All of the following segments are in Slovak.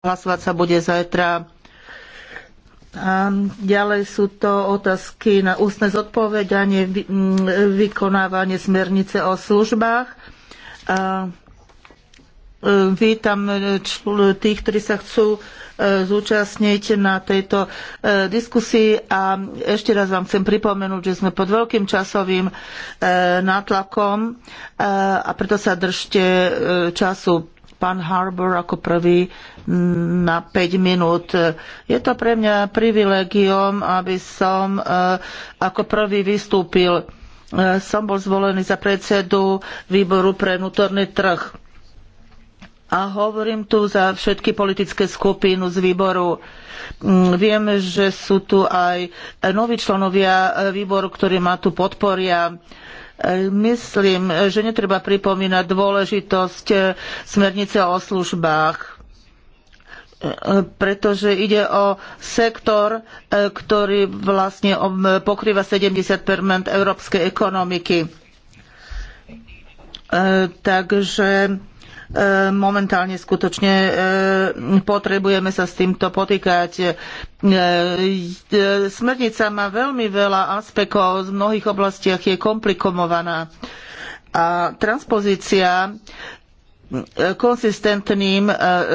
Hlasovať sa bude zajtra. A ďalej sú to otázky na ústne zodpovedanie, vy, vykonávanie smernice o službách. A, e, vítam e, tých, ktorí sa chcú e, zúčastniť na tejto diskusii a ešte raz vám chcem pripomenúť, že sme pod veľkým časovým nátlakom a preto sa držte času pán Harbour ako prvý mm, na 5 minút. Je to pre mňa privilegium, aby som e, ako prvý vystúpil. E, som bol zvolený za predsedu výboru pre vnútorný trh. A hovorím tu za všetky politické skupiny z výboru. Mm, viem, že sú tu aj noví členovia e, výboru, ktorí ma tu podporia. Myslím, že netreba pripomínať dôležitosť e, smernice o službách e, pretože ide o sektor, e, ktorý vlastne pokrýva 70 európskej ekonomiky. Takže E, momentálne skutočne e, potrebujeme sa s týmto potýkať. E, smernica má veľmi veľa aspektov, v mnohých oblastiach je komplikovaná a transpozícia konzistentným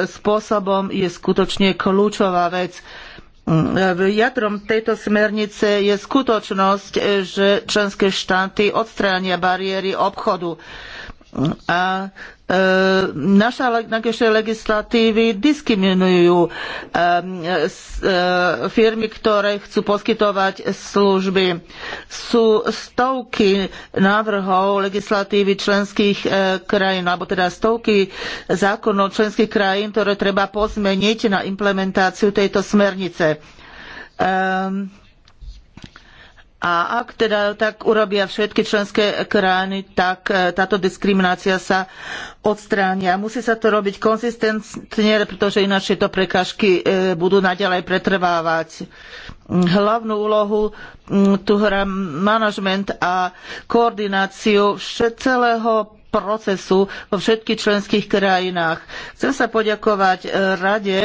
spôsobom je skutočne kľúčová vec. Jadrom tejto smernice je skutočnosť, že členské štáty odstránia bariéry obchodu a Ehm, naša, naše legislatívy diskriminujú ehm, ehm, firmy, ktoré chcú poskytovať služby. Sú stovky návrhov legislatívy členských e, krajín, alebo teda stovky zákonov členských krajín, ktoré treba pozmeniť na implementáciu tejto smernice. Um, a ak teda tak urobia všetky členské krajiny, tak e, táto diskriminácia sa odstránia. Musí sa to robiť konzistentne, pretože ináč tieto prekážky e, budú naďalej pretrvávať. Hlavnú úlohu tu hrá manažment a koordináciu celého procesu vo všetkých členských krajinách. Chcem sa poďakovať e, Rade,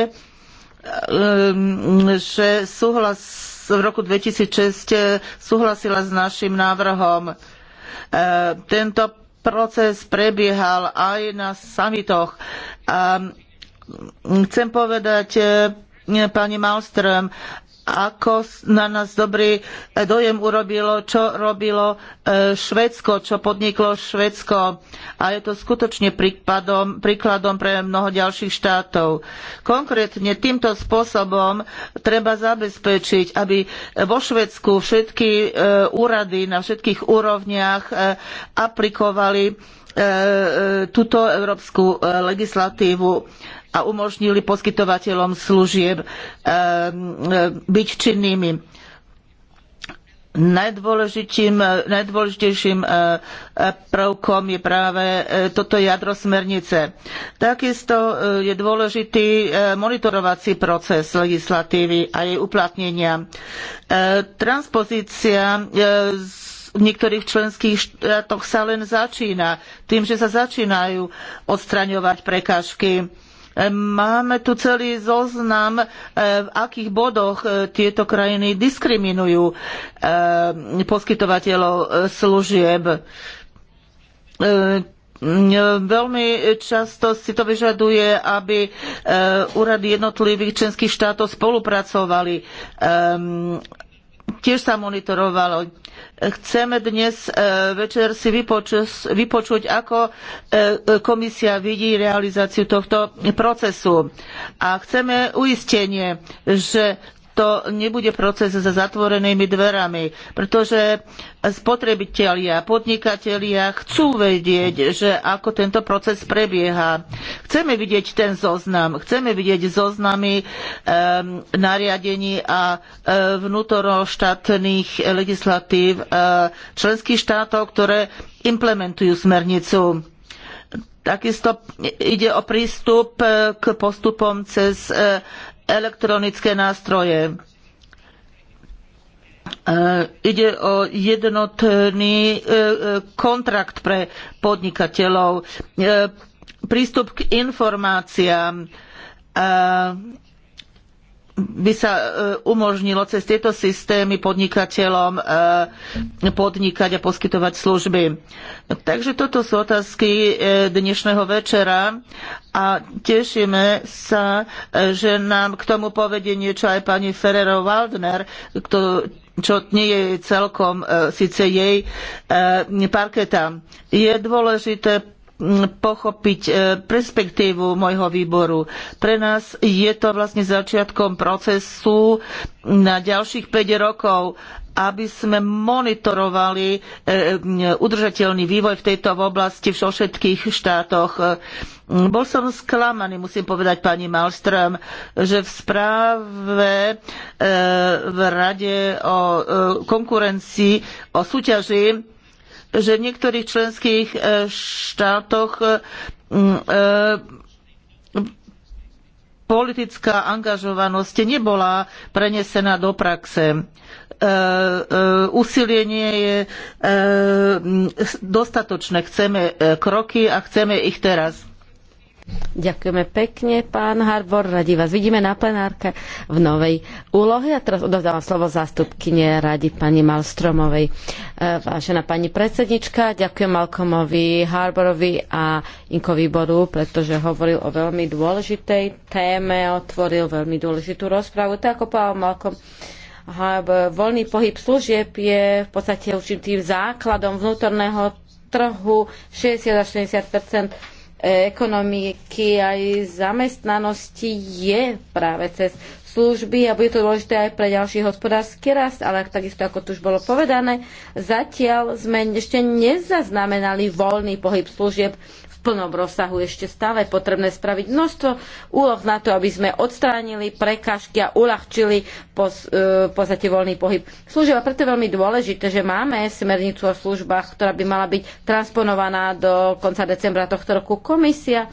že súhlas v roku 2006 e, súhlasila s našim návrhom. E, tento proces prebiehal aj na samitoch. A chcem povedať e, pani Malström, ako na nás dobrý e, dojem urobilo, čo robilo e, Švedsko, čo podniklo Švedsko, A je to skutočne príkladom, príkladom pre mnoho ďalších štátov. Konkrétne týmto spôsobom treba zabezpečiť, aby vo Švedsku všetky e, úrady na všetkých úrovniach aplikovali túto európsku legislatívu a umožnili poskytovateľom služieb eh, eh, byť činnými. najdôležitejším eh, prvkom je práve toto jadro smernice. Takisto je dôležitý monitorovací proces legislatívy a jej uplatnenia. Transpozícia v niektorých členských štátoch sa len začína tým, že sa začínajú odstraňovať prekážky Máme tu celý zoznam, e, v akých bodoch e, tieto krajiny diskriminujú e, poskytovateľov služieb. Veľmi často si to vyžaduje, aby úrady jednotlivých členských štátov spolupracovali. Tiež sa monitorovalo Chceme dnes e, večer si vypočuť, vypočuť, ako e, komisia vidí realizáciu tohto procesu. A chceme uistenie, že to nebude proces za zatvorenými dverami, pretože spotrebitelia, podnikatelia chcú vedieť, že ako tento proces prebieha. Chceme vidieť ten zoznam, chceme vidieť zoznamy um, nariadení a uh, vnútoroštátnych legislatív členských štátov, ktoré implementujú smernicu. Takisto ide o prístup eh, k postupom cez eh, elektronické nástroje. E, ide o jednotný e, kontrakt pre podnikateľov, e, prístup k informáciám, by sa e, umožnilo cez tieto systémy podnikateľom e, podnikať a poskytovať služby. Takže toto sú otázky e, dnešného večera a tešíme sa, že nám k tomu povedie niečo aj pani Ferrero Waldner, čo nie je celkom síce jej parketa. Je dôležité pochopiť e, perspektívu môjho výboru. Pre nás je to vlastne začiatkom procesu na ďalších 5 rokov, aby sme monitorovali e, udržateľný vývoj v tejto oblasti vo všetkých štátoch. E, bol som sklamaný, musím povedať pani Malström, že v správe v Rade o konkurencii, o súťaži že v niektorých členských e, štátoch e, e, politická angažovanosť nebola prenesená do praxe. Úsilie nie je dostatočné. Chceme kroky a chceme ich teraz. Ďakujeme pekne, pán Harbor. Radi vás vidíme na plenárke v novej úlohe. A teraz odovzdávam slovo zástupkyne radi pani Malstromovej. E, vážená pani predsednička, ďakujem Malkomovi Harborovi a Inko výboru, pretože hovoril o veľmi dôležitej téme, otvoril veľmi dôležitú rozpravu. Tak ako povedal Malkom, voľný pohyb služieb je v podstate určitým základom vnútorného trhu 60 až 60 ekonomiky aj zamestnanosti je práve cez služby a bude to dôležité aj pre ďalší hospodársky rast, ale takisto ako tu už bolo povedané, zatiaľ sme ešte nezaznamenali voľný pohyb služieb plnom rozsahu ešte stále potrebné spraviť množstvo úloh na to, aby sme odstránili prekážky a uľahčili e, v podstate voľný pohyb služieb. A preto je veľmi dôležité, že máme smernicu o službách, ktorá by mala byť transponovaná do konca decembra tohto roku komisia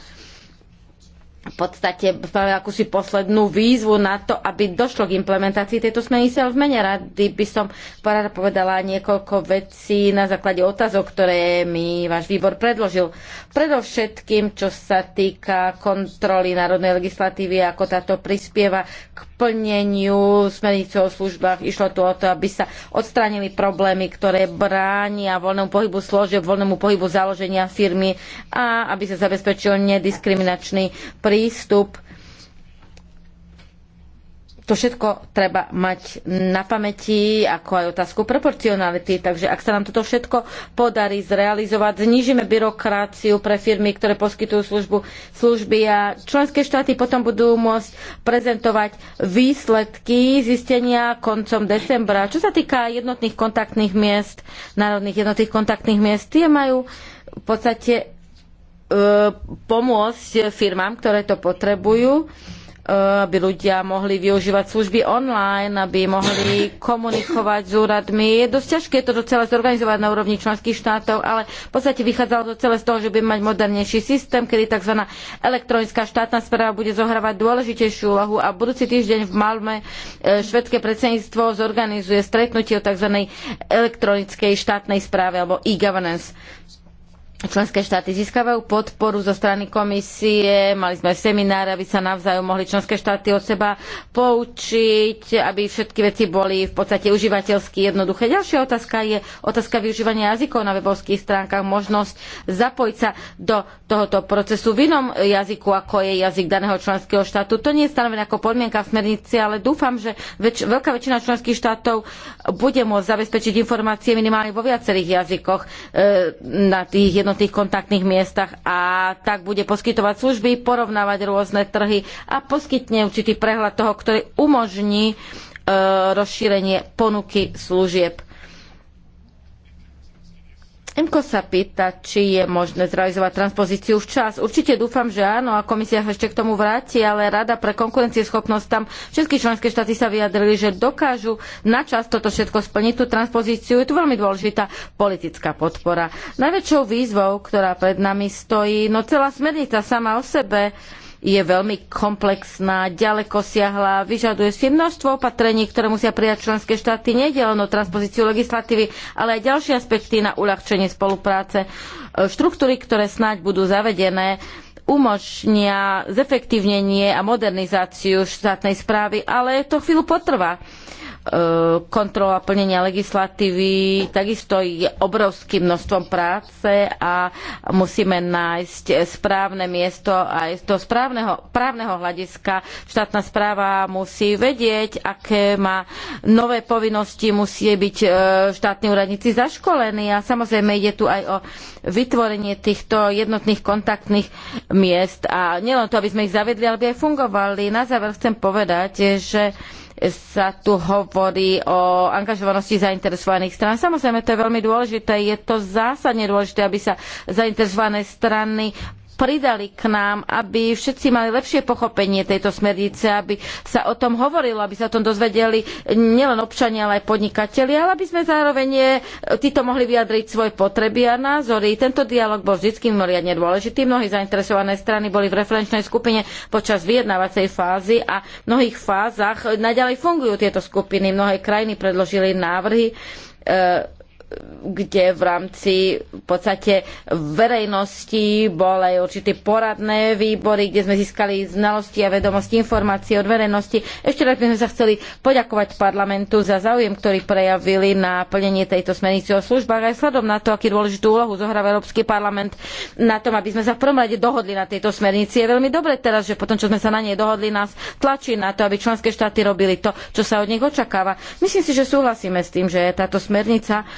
v podstate akúsi poslednú výzvu na to, aby došlo k implementácii tejto smernice, ale v mene rady by som porada povedala niekoľko vecí na základe otázok, ktoré mi váš výbor predložil. Predovšetkým, čo sa týka kontroly národnej legislatívy, ako táto prispieva k plneniu smernice o službách. Išlo tu o to, aby sa odstránili problémy, ktoré bránia voľnému pohybu složieb, voľnému pohybu založenia firmy a aby sa zabezpečil nediskriminačný prístup to všetko treba mať na pamäti, ako aj otázku proporcionality. Takže ak sa nám toto všetko podarí zrealizovať, znižíme byrokraciu pre firmy, ktoré poskytujú službu, služby a členské štáty potom budú môcť prezentovať výsledky zistenia koncom decembra. Čo sa týka jednotných kontaktných miest, národných jednotných kontaktných miest, tie majú v podstate e, pomôcť firmám, ktoré to potrebujú E, aby ľudia mohli využívať služby online, aby mohli komunikovať s úradmi. Je dosť ťažké to celé zorganizovať na úrovni členských štátov, ale v podstate vychádzalo to celé z toho, že by mať modernejší systém, kedy tzv. elektronická štátna správa bude zohrávať dôležitejšiu úlohu a budúci týždeň v Malme e, švedské predsedníctvo zorganizuje stretnutie o tzv. elektronickej štátnej správe alebo e-governance členské štáty získavajú podporu zo strany komisie, mali sme semináre, aby sa navzájom mohli členské štáty od seba poučiť, aby všetky veci boli v podstate užívateľsky jednoduché. Ďalšia otázka je otázka využívania jazykov na webovských stránkach, možnosť zapojiť sa do tohoto procesu v inom jazyku, ako je jazyk daného členského štátu. To nie je stanovené ako podmienka v smernici, ale dúfam, že väč- veľká väčšina členských štátov bude môcť zabezpečiť informácie minimálne vo viacerých jazykoch e, na tých jednotných kontaktných miestach a tak bude poskytovať služby, porovnávať rôzne trhy a poskytne určitý prehľad toho, ktorý umožní e, rozšírenie ponuky služieb Emko sa pýta, či je možné zrealizovať transpozíciu včas. Určite dúfam, že áno a komisia sa ešte k tomu vráti, ale Rada pre konkurencieschopnosť tam všetky členské štáty sa vyjadrili, že dokážu načas toto všetko splniť. Tú transpozíciu je tu veľmi dôležitá politická podpora. Najväčšou výzvou, ktorá pred nami stojí, no celá smernica sama o sebe, je veľmi komplexná, ďaleko siahla, vyžaduje si množstvo opatrení, ktoré musia prijať členské štáty. Nejde len o transpozíciu legislatívy, ale aj ďalšie aspekty na uľahčenie spolupráce. E, štruktúry, ktoré snáď budú zavedené, umožnia zefektívnenie a modernizáciu štátnej správy, ale to chvíľu potrvá. E, kontrola plnenia legislatívy, takisto je obrovským množstvom práce a musíme nájsť správne miesto aj z toho správneho, právneho hľadiska štátna správa musí vedieť, aké má nové povinnosti, musí byť e, štátni úradníci zaškolení a samozrejme ide tu aj o vytvorenie týchto jednotných kontaktných miest a nielen to, aby sme ich zavedli, ale aby aj fungovali. Na záver chcem povedať, že sa tu hovorí o angažovanosti zainteresovaných strán. Samozrejme, to je veľmi dôležité. Je to zásadne dôležité, aby sa zainteresované strany pridali k nám, aby všetci mali lepšie pochopenie tejto smernice, aby sa o tom hovorilo, aby sa o tom dozvedeli nielen občania, ale aj podnikatelia, ale aby sme zároveň eh, títo mohli vyjadriť svoje potreby a názory. Tento dialog bol vždy mimoriadne dôležitý. Mnohí zainteresované strany boli v referenčnej skupine počas vyjednávacej fázy a v mnohých fázach naďalej fungujú tieto skupiny. Mnohé krajiny predložili návrhy e, kde v rámci v podstate verejnosti boli určité poradné výbory, kde sme získali znalosti a vedomosti, informácie od verejnosti. Ešte raz by sme sa chceli poďakovať parlamentu za záujem, ktorý prejavili na plnenie tejto smernice o službách aj sledom na to, aký dôležitú úlohu zohráva Európsky parlament na tom, aby sme sa v prvom rade dohodli na tejto smernici. Je veľmi dobre teraz, že potom, čo sme sa na nej dohodli, nás tlačí na to, aby členské štáty robili to, čo sa od nich očakáva. Myslím si, že súhlasíme s tým, že táto smernica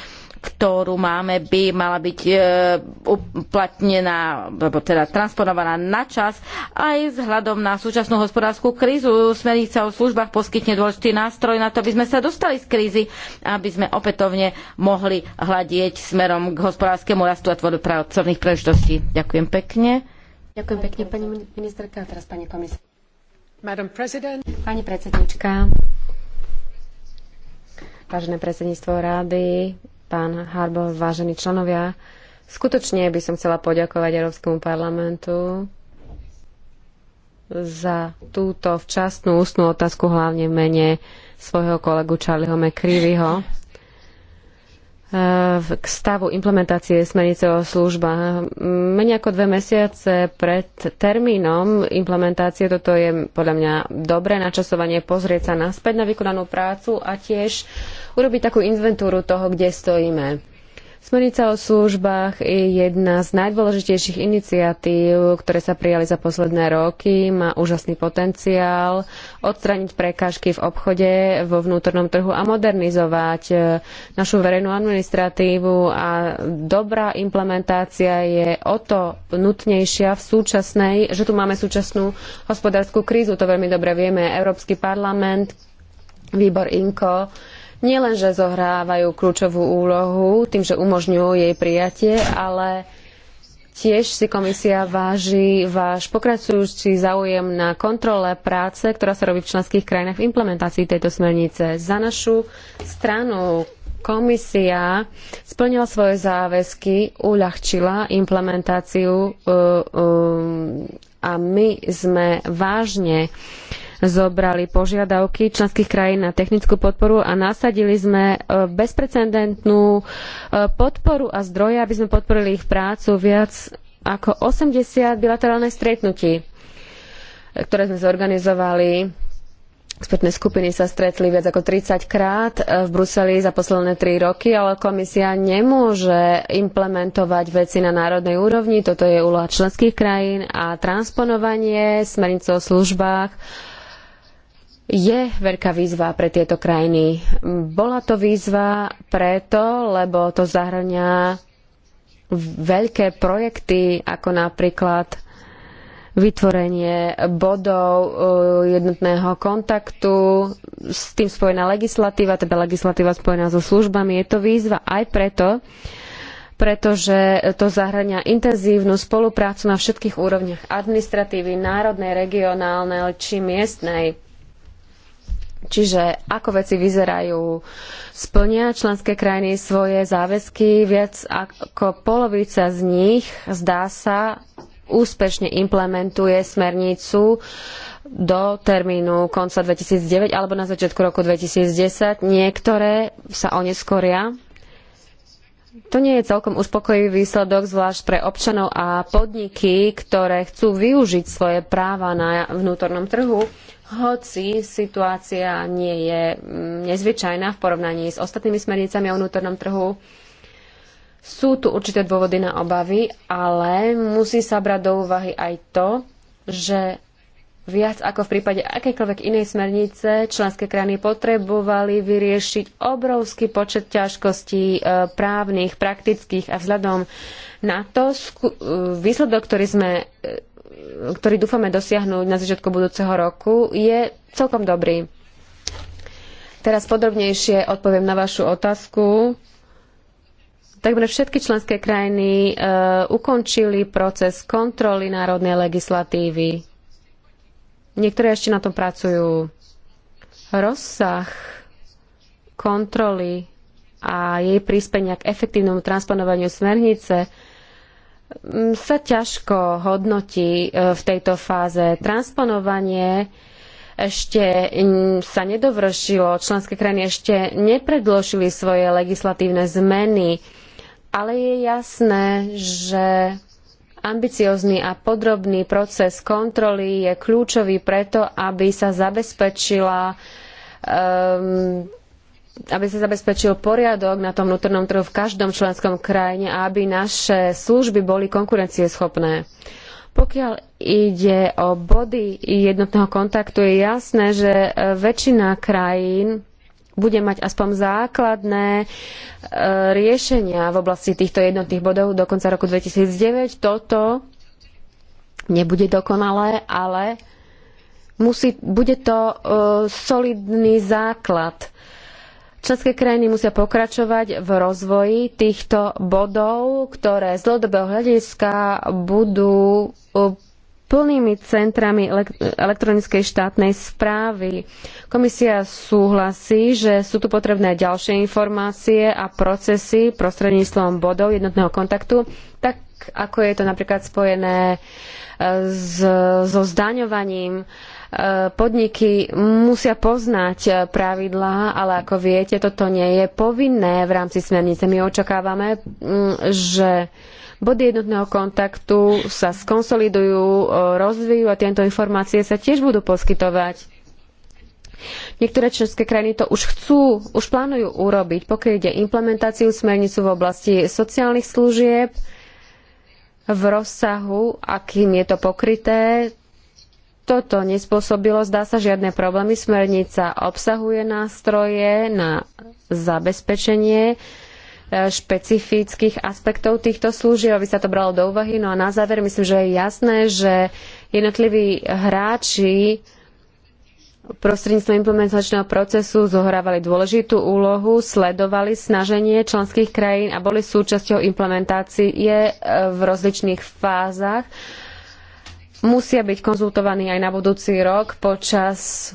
ktorú máme, by mala byť e, uplatnená, teda transponovaná na čas aj vzhľadom na súčasnú hospodárskú krízu. Smernica o službách poskytne dôležitý nástroj na to, aby sme sa dostali z krízy, aby sme opätovne mohli hľadieť smerom k hospodárskemu rastu a tvorbe pracovných príležitostí. Ďakujem pekne. Ďakujem pekne, pani ministerka. A teraz pani komisár. Pani predsednička, vážené predsedníctvo rády, pán Harbo, vážení členovia. Skutočne by som chcela poďakovať Európskemu parlamentu za túto včasnú ústnú otázku hlavne v mene svojho kolegu Charlieho McCreevyho eh, k stavu implementácie smernice o služba. Menej ako dve mesiace pred termínom implementácie, toto je podľa mňa dobré načasovanie pozrieť sa naspäť na vykonanú prácu a tiež urobiť takú inventúru toho, kde stojíme. Smernica o službách je jedna z najdôležitejších iniciatív, ktoré sa prijali za posledné roky. Má úžasný potenciál odstraniť prekážky v obchode, vo vnútornom trhu a modernizovať e, našu verejnú administratívu a dobrá implementácia je o to nutnejšia v súčasnej, že tu máme súčasnú hospodárskú krízu, to veľmi dobre vieme. Európsky parlament, výbor INKO, nielenže zohrávajú kľúčovú úlohu tým, že umožňujú jej prijatie, ale tiež si komisia váži váš pokračujúci záujem na kontrole práce, ktorá sa robí v členských krajinách v implementácii tejto smernice. Za našu stranu komisia splnila svoje záväzky, uľahčila implementáciu uh, uh, a my sme vážne zobrali požiadavky členských krajín na technickú podporu a nasadili sme e, bezprecedentnú e, podporu a zdroje, aby sme podporili ich prácu viac ako 80 bilaterálnych stretnutí, e, ktoré sme zorganizovali Expertné skupiny sa stretli viac ako 30 krát v Bruseli za posledné 3 roky, ale komisia nemôže implementovať veci na národnej úrovni. Toto je úloha členských krajín a transponovanie smernice o službách je veľká výzva pre tieto krajiny. Bola to výzva preto, lebo to zahrňa veľké projekty, ako napríklad vytvorenie bodov e, jednotného kontaktu, s tým spojená legislatíva, teda legislatíva spojená so službami. Je to výzva aj preto, pretože to zahrania intenzívnu spoluprácu na všetkých úrovniach administratívy, národnej, regionálnej či miestnej Čiže ako veci vyzerajú? Splnia členské krajiny svoje záväzky? Viac ako polovica z nich, zdá sa, úspešne implementuje smernicu do termínu konca 2009 alebo na začiatku roku 2010. Niektoré sa oneskoria. To nie je celkom uspokojivý výsledok, zvlášť pre občanov a podniky, ktoré chcú využiť svoje práva na vnútornom trhu hoci situácia nie je mm, nezvyčajná v porovnaní s ostatnými smernicami o vnútornom trhu, sú tu určité dôvody na obavy, ale musí sa brať do úvahy aj to, že viac ako v prípade akejkoľvek inej smernice členské krajiny potrebovali vyriešiť obrovský počet ťažkostí e, právnych, praktických a vzhľadom na to e, výsledok, ktorý sme e, ktorý dúfame dosiahnuť na začiatku budúceho roku, je celkom dobrý. Teraz podrobnejšie odpoviem na vašu otázku. Takmer všetky členské krajiny e, ukončili proces kontroly národnej legislatívy. Niektoré ešte na tom pracujú. Rozsah kontroly a jej príspenia k efektívnemu transponovaniu smernice Mm, sa ťažko hodnotí e, v tejto fáze. Transponovanie ešte mm, sa nedovršilo, členské krajiny ešte nepredložili svoje legislatívne zmeny, ale je jasné, že Ambiciózny a podrobný proces kontroly je kľúčový preto, aby sa zabezpečila um, aby sa zabezpečil poriadok na tom vnútornom trhu v každom členskom krajine a aby naše služby boli konkurencieschopné. Pokiaľ ide o body jednotného kontaktu, je jasné, že e, väčšina krajín bude mať aspoň základné e, riešenia v oblasti týchto jednotných bodov do konca roku 2009. Toto nebude dokonalé, ale musí, bude to solídny e, solidný základ Členské krajiny musia pokračovať v rozvoji týchto bodov, ktoré z dlhodobého hľadiska budú uh, plnými centrami elektronickej štátnej správy. Komisia súhlasí, že sú tu potrebné ďalšie informácie a procesy prostredníctvom bodov jednotného kontaktu, tak ako je to napríklad spojené uh, so zdaňovaním Eh, podniky musia poznať eh, pravidlá, ale ako viete, toto nie je povinné v rámci smernice. My očakávame, mm, že body jednotného kontaktu sa skonsolidujú, eh, rozvíjú a tieto informácie sa tiež budú poskytovať. Niektoré členské krajiny to už chcú, už plánujú urobiť, pokiaľ ide implementáciu smernicu v oblasti sociálnych služieb v rozsahu, akým je to pokryté, toto nespôsobilo, zdá sa, žiadne problémy. Smernica obsahuje nástroje na zabezpečenie e, špecifických aspektov týchto služieb, aby sa to bralo do úvahy. No a na záver myslím, že je jasné, že jednotliví hráči prostredníctvom implementačného procesu zohrávali dôležitú úlohu, sledovali snaženie členských krajín a boli súčasťou implementácie v rozličných fázach musia byť konzultovaní aj na budúci rok počas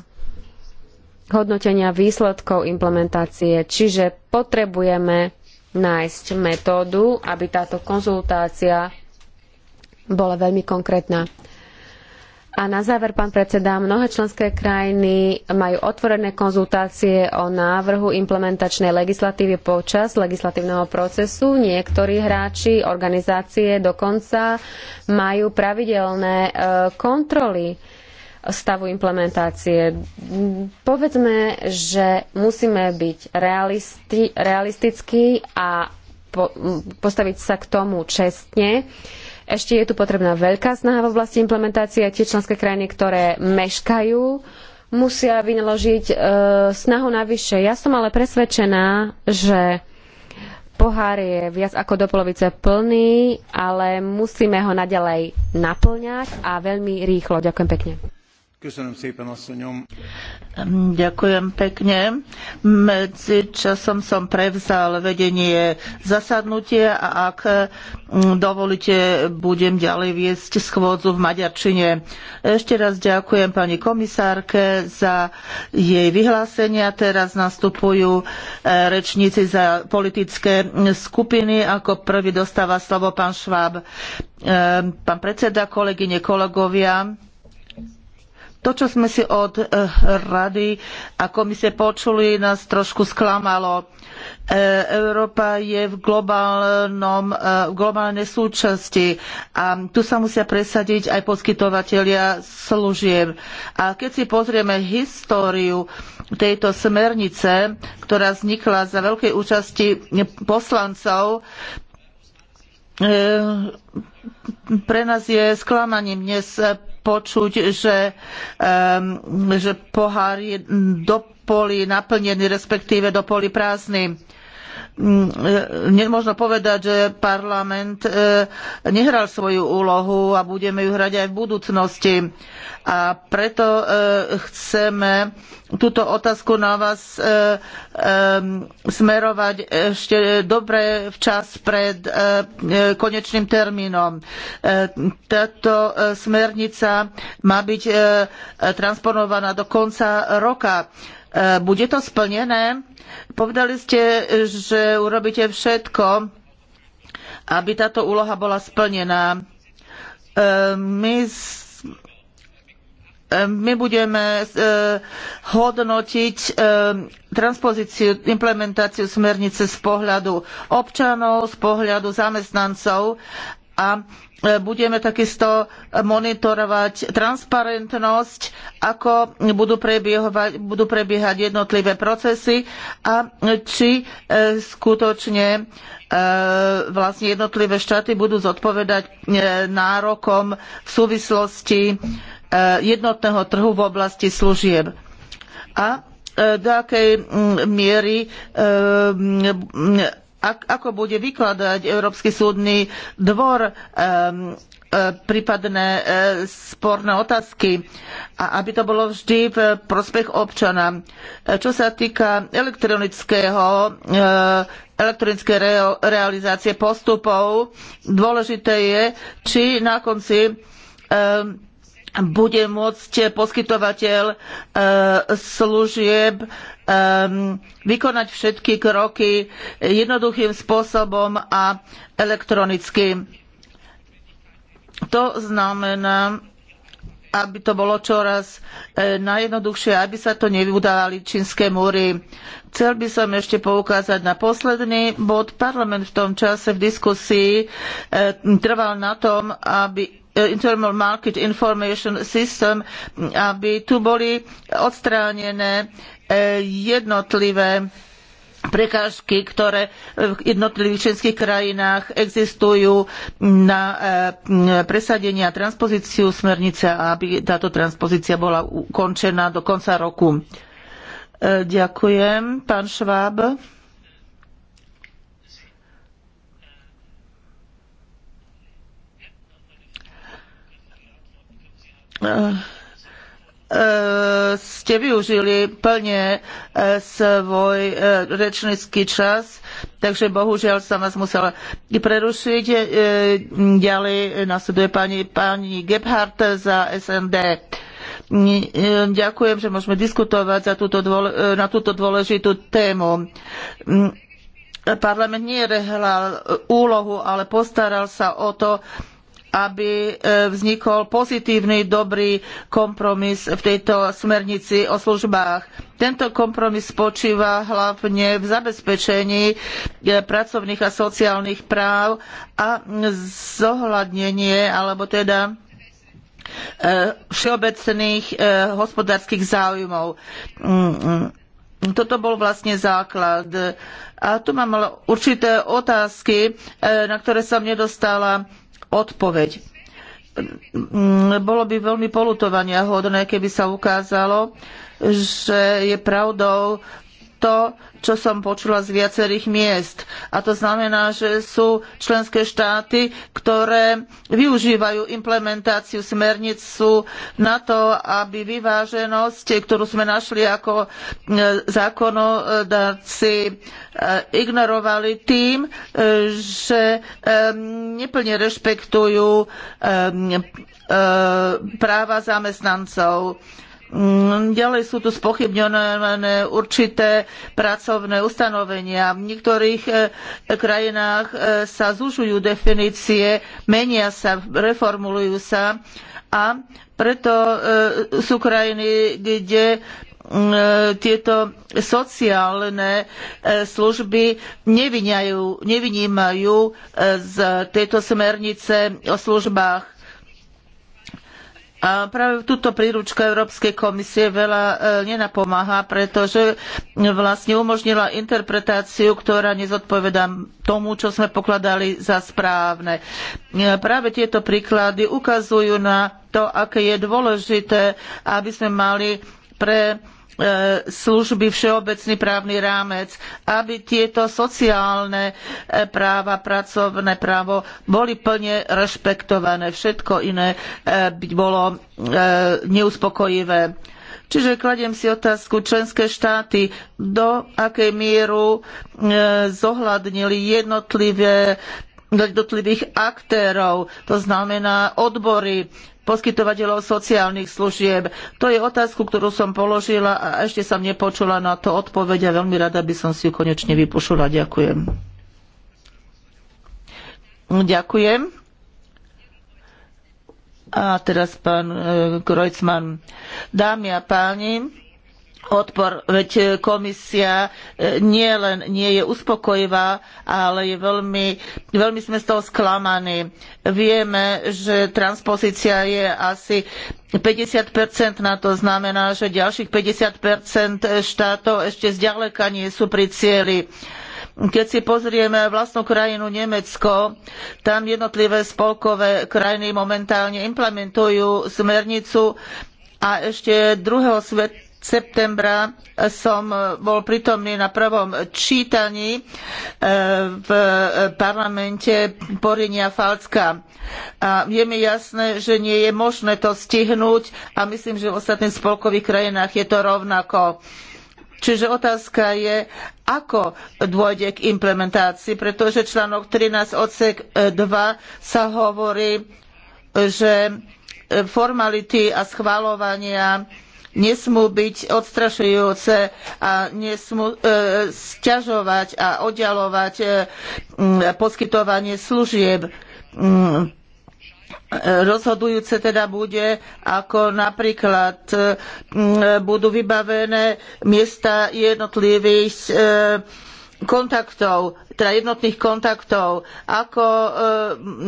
hodnotenia výsledkov implementácie. Čiže potrebujeme nájsť metódu, aby táto konzultácia bola veľmi konkrétna. A na záver, pán predseda, mnohé členské krajiny majú otvorené konzultácie o návrhu implementačnej legislatívy počas legislatívneho procesu. Niektorí hráči, organizácie dokonca majú pravidelné e, kontroly stavu implementácie. Povedzme, že musíme byť realisti, realistickí a po, postaviť sa k tomu čestne ešte je tu potrebná veľká snaha v oblasti implementácie a tie členské krajiny, ktoré meškajú, musia vynaložiť e, snahu navyše. Ja som ale presvedčená, že pohár je viac ako do polovice plný, ale musíme ho naďalej naplňať a veľmi rýchlo. Ďakujem pekne. Ďakujem pekne. Medzi časom som prevzal vedenie zasadnutia a ak mm, dovolíte, budem ďalej viesť schôdzu v Maďarčine. Ešte raz ďakujem pani komisárke za jej vyhlásenia. Teraz nastupujú e, rečníci za politické skupiny. Ako prvý dostáva slovo pán Šváb. E, pán predseda, kolegyne, kolegovia to, čo sme si od eh, Rady a komisie počuli, nás trošku sklamalo. Eh, Európa je v, globálnom, eh, v globálnej súčasti a tu sa musia presadiť aj poskytovatelia služieb. A keď si pozrieme históriu tejto smernice, ktorá vznikla za veľkej účasti poslancov, pre nás je sklamaním dnes počuť, že, um, že pohár je do poli naplnený, respektíve do poli prázdny. Mm, e, možno povedať, že parlament e, nehral svoju úlohu a budeme ju hrať aj v budúcnosti. A preto e, chceme túto otázku na vás smerovať ešte dobre včas pred konečným termínom. Táto smernica má byť transponovaná do konca roka. E, bude to splnené? Povedali ste, že urobíte všetko, aby táto úloha bola splnená. E, my e, my budeme hodnotiť transpozíciu, implementáciu smernice z pohľadu občanov, z pohľadu zamestnancov a e, budeme takisto monitorovať transparentnosť, ako budú, budú prebiehať jednotlivé procesy a či e, skutočne e, vlastne jednotlivé štáty budú zodpovedať nárokom v súvislosti jednotného trhu v oblasti služieb. A do akej miery ako bude vykladať Európsky súdny dvor e, prípadné e, sporné otázky a aby to bolo vždy v prospech občana. E, čo sa týka elektronického elektronické realizácie postupov, dôležité je, či na konci bude môcť poskytovateľ e, služieb e, vykonať všetky kroky jednoduchým spôsobom a elektronicky. To znamená, aby to bolo čoraz e, najjednoduchšie, aby sa to nevyudávali čínske múry. Chcel by som ešte poukázať na posledný bod. Parlament v tom čase v diskusii trval na tom, aby Eh, internal Market Information System, aby tu boli odstránené eh, jednotlivé prekážky, ktoré v jednotlivých členských krajinách existujú na eh, presadenie a transpozíciu smernice a aby táto transpozícia bola ukončená do konca roku. Ďakujem. Pán Šváb. E, e, ste využili plne e, svoj rečnícky čas, takže bohužiaľ som vás musela prerušiť. Ďalej nasleduje pani, pani Gebhardt za SND. Ďakujem, že môžeme diskutovať za túto dôle, na túto dôležitú tému mm, parlament nie hral úlohu, ale postaral sa o to, aby e, vznikol pozitívny, dobrý kompromis v tejto smernici o službách. Tento kompromis spočíva hlavne v zabezpečení e, pracovných a sociálnych práv a zohľadnenie, alebo teda e, všeobecných hospodárskych záujmov. Mm, mm. Toto bol vlastne základ. A tu mám určité otázky, na ktoré som nedostala odpoveď. Bolo by veľmi polutovania hodné, keby sa ukázalo, že je pravdou to, čo som počula z viacerých miest. A to znamená, že sú členské štáty, ktoré využívajú implementáciu smernicu na to, aby vyváženosť, ktorú sme našli ako e, zákonodáci, e, ignorovali tým, e, že neplne rešpektujú práva zamestnancov. Mm, ďalej sú tu spochybňované určité pracovné ustanovenia. V niektorých e, krajinách e, sa zužujú definície, menia sa, reformulujú sa a preto e, sú krajiny, kde mm, tieto sociálne služby nevynímajú z tejto smernice o službách a práve túto príručku Európskej komisie veľa e, nenapomáha, pretože vlastne umožnila interpretáciu, ktorá nezodpovedá tomu, čo sme pokladali za správne. E, práve tieto príklady ukazujú na to, aké je dôležité, aby sme mali pre E, služby, všeobecný právny rámec, aby tieto sociálne e, práva, pracovné právo boli plne rešpektované. Všetko iné e, by bolo neuspokojivé. Čiže kladiem si otázku, členské štáty do akej mieru zohľadnili jednotlivé jednotlivých aktérov, to znamená odbory, poskytovateľov sociálnych služieb? To je otázku, ktorú som položila a ešte som nepočula na to odpoveď a veľmi rada by som si ju konečne vypočula. Ďakujem. Ďakujem. A teraz pán eh, Krojcman. Dámy a páni, odpor, veď e, komisia e, nie len nie je uspokojivá, ale je veľmi, veľmi sme z toho sklamaní. Vieme, že transpozícia je asi 50 na to znamená, že ďalších 50 štátov ešte zďaleka nie sú pri cieli. Keď si pozrieme vlastnú krajinu Nemecko, tam jednotlivé spolkové krajiny momentálne implementujú smernicu a ešte druhého svetu septembra som bol prítomný na prvom čítaní e, v parlamente porenia Falcka. A je mi jasné, že nie je možné to stihnúť a myslím, že v ostatných spolkových krajinách je to rovnako. Čiže otázka je, ako dôjde k implementácii, pretože článok 13 odsek 2 sa hovorí, že formality a schvalovania nesmú byť odstrašujúce a nesmú e, sťažovať a oddialovať e, poskytovanie služieb. Mm, e, rozhodujúce teda bude, ako napríklad e, budú vybavené miesta jednotlivých e, kontaktov, teda jednotných kontaktov, ako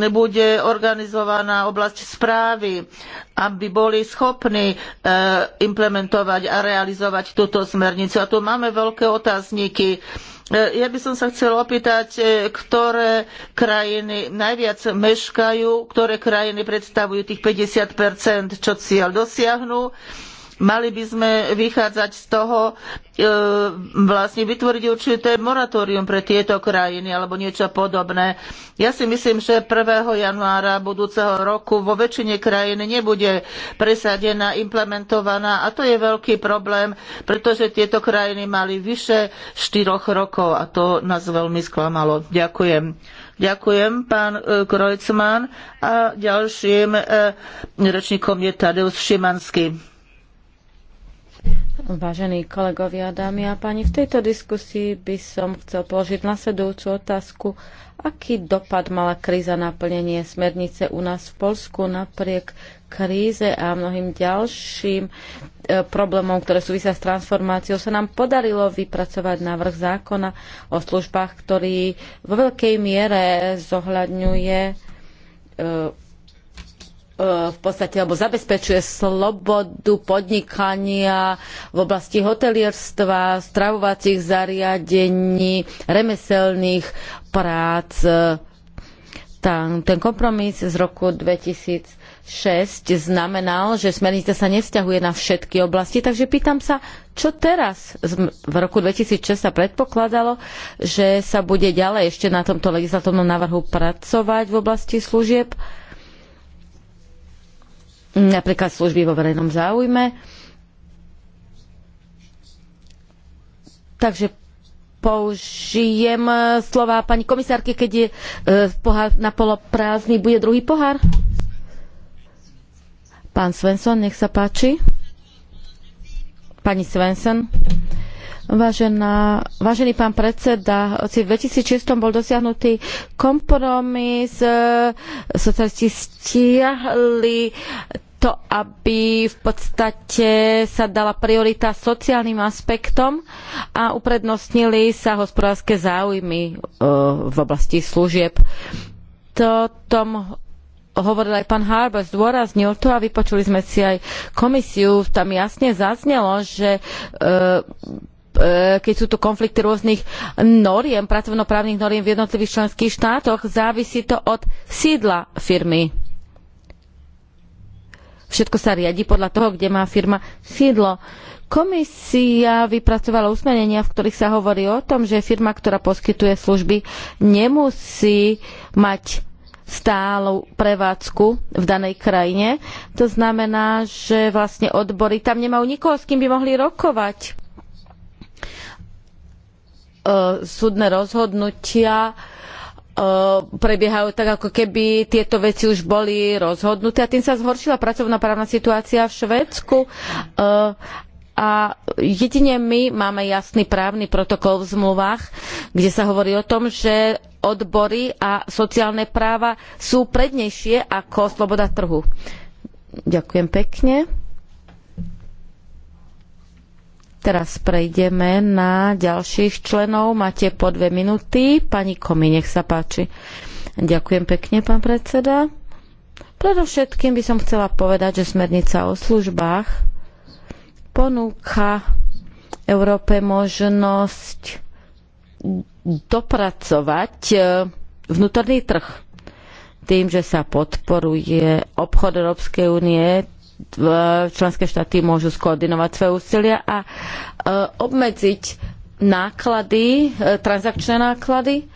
e, bude organizovaná oblasť správy, aby boli schopní e, implementovať a realizovať túto smernicu. A tu máme veľké otázniky. E, ja by som sa chcela opýtať, ktoré krajiny najviac meškajú, ktoré krajiny predstavujú tých 50 čo cieľ dosiahnu Mali by sme vychádzať z toho, e, vlastne vytvoriť určité moratórium pre tieto krajiny alebo niečo podobné. Ja si myslím, že 1. januára budúceho roku vo väčšine krajín nebude presadená, implementovaná a to je veľký problém, pretože tieto krajiny mali vyše 4 rokov a to nás veľmi sklamalo. Ďakujem. Ďakujem, pán e, Krojcman. A ďalším e, rečníkom je Tadeusz Šimanský. Vážení kolegovia, dámy a páni, v tejto diskusii by som chcel položiť nasledujúcu otázku. Aký dopad mala kríza na plnenie smernice u nás v Polsku napriek kríze a mnohým ďalším e, problémom, ktoré súvisia s transformáciou, sa nám podarilo vypracovať návrh zákona o službách, ktorý vo veľkej miere zohľadňuje e, v podstate alebo zabezpečuje slobodu podnikania v oblasti hotelierstva, stravovacích zariadení, remeselných prác. ten kompromis z roku 2006 znamenal, že smernica sa nevzťahuje na všetky oblasti, takže pýtam sa, čo teraz? V roku 2006 sa predpokladalo, že sa bude ďalej ešte na tomto legislatívnom návrhu pracovať v oblasti služieb. Uh, napríklad služby vo verejnom záujme. Takže použijem e, slova pani komisárky, keď je e, pohár na polo prázdny, bude druhý pohár? Pán Svensson, nech sa páči. Pani Svensson. Vážená, vážený pán predseda, v 2006 bol dosiahnutý kompromis, e, socialisti stiahli to, aby v podstate sa dala priorita sociálnym aspektom a uprednostnili sa hospodárske záujmy e, v oblasti služieb. To tom hovoril aj pán Harbour, zdôraznil to a vypočuli sme si aj komisiu, tam jasne zaznelo, že e, E, keď sú tu konflikty rôznych noriem, pracovnoprávnych noriem v jednotlivých členských štátoch, závisí to od sídla firmy. Všetko sa riadi podľa toho, kde má firma sídlo. Komisia vypracovala usmernenia, v ktorých sa hovorí o tom, že firma, ktorá poskytuje služby, nemusí mať stálu prevádzku v danej krajine. To znamená, že vlastne odbory tam nemajú nikoho, s kým by mohli rokovať E, súdne rozhodnutia e, prebiehajú tak, ako keby tieto veci už boli rozhodnuté. A tým sa zhoršila pracovná právna situácia v Švédsku. E, a jedine my máme jasný právny protokol v zmluvách, kde sa hovorí o tom, že odbory a sociálne práva sú prednejšie ako sloboda trhu. Ďakujem pekne. Teraz prejdeme na ďalších členov. Máte po dve minúty. Pani Komi, nech sa páči. Ďakujem pekne, pán predseda. Predovšetkým by som chcela povedať, že smernica o službách ponúka Európe možnosť dopracovať e, vnútorný trh tým, že sa podporuje obchod Európskej únie E, členské štáty môžu skoordinovať svoje úsilia a e, obmedziť náklady, e, transakčné náklady